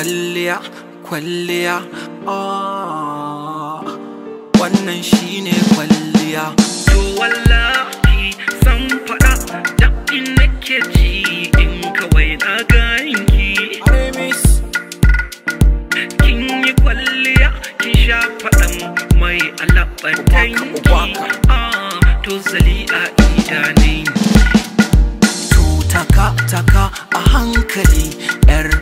kwalliya kwalliya ah, wannan shine kwalliya to wallahi san faɗa da in nake ji in kawai na kin yi kwalliya ki sha faɗan mai alaɓatanki ah, to zali a idanai to taka taka a hankali 'yar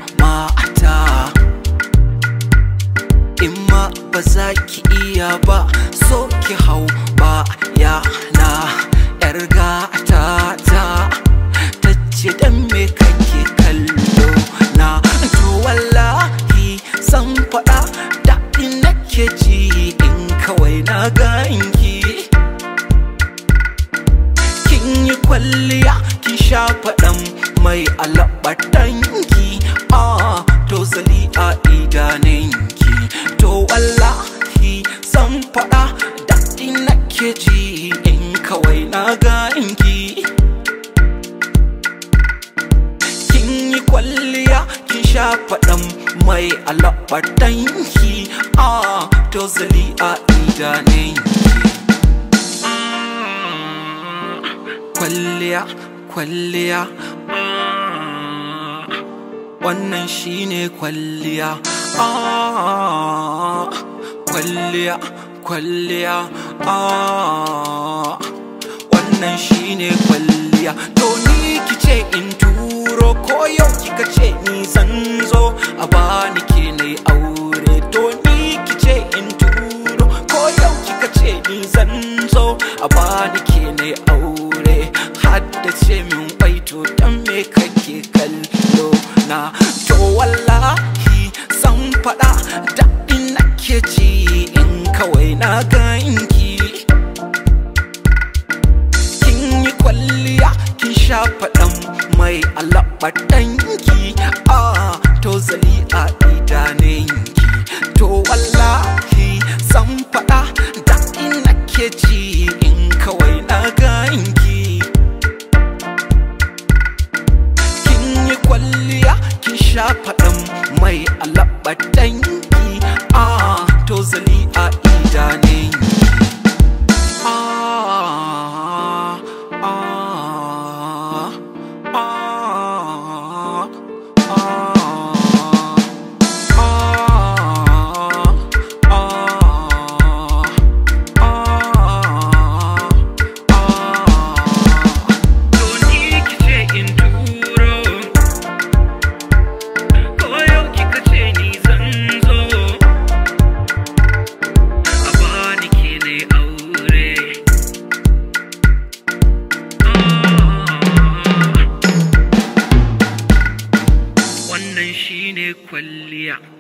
ki hau ba ya na yar gata ta ta ce dan me kake kallo na to wallahi san faɗa daɗi nake ji in kawai na ganki kin yi kwalliya ki sha faɗan mai alaɓatanki a to zali a ki, to wallahi san faɗa nake ji in kawai na ga inki kin yi kwalliya kin sha faɗan mai alaɓatanki a to zali a idanenki kwalliya kwalliya wannan shine kwalliya kwalliya kwalliya wannan ah, wannan shine kwalliya to ni kice in turo ko yau kika ce ni zanzo, zo a bani ke ne aure to ni kice in turo ko yau kika ce ni zanzo, zo a bani ke ne aure haddace min baito dan me kake kallo na to wallahi san fada da ina ke ji in kawai na gani sha faɗan mai alaɓaɗanki a to zali a yanki, to wallahi san faɗa da ina ke ji in kawai na ganki kin yi kwalliya kin sha faɗan mai alaɓaɗanki 不平等呀。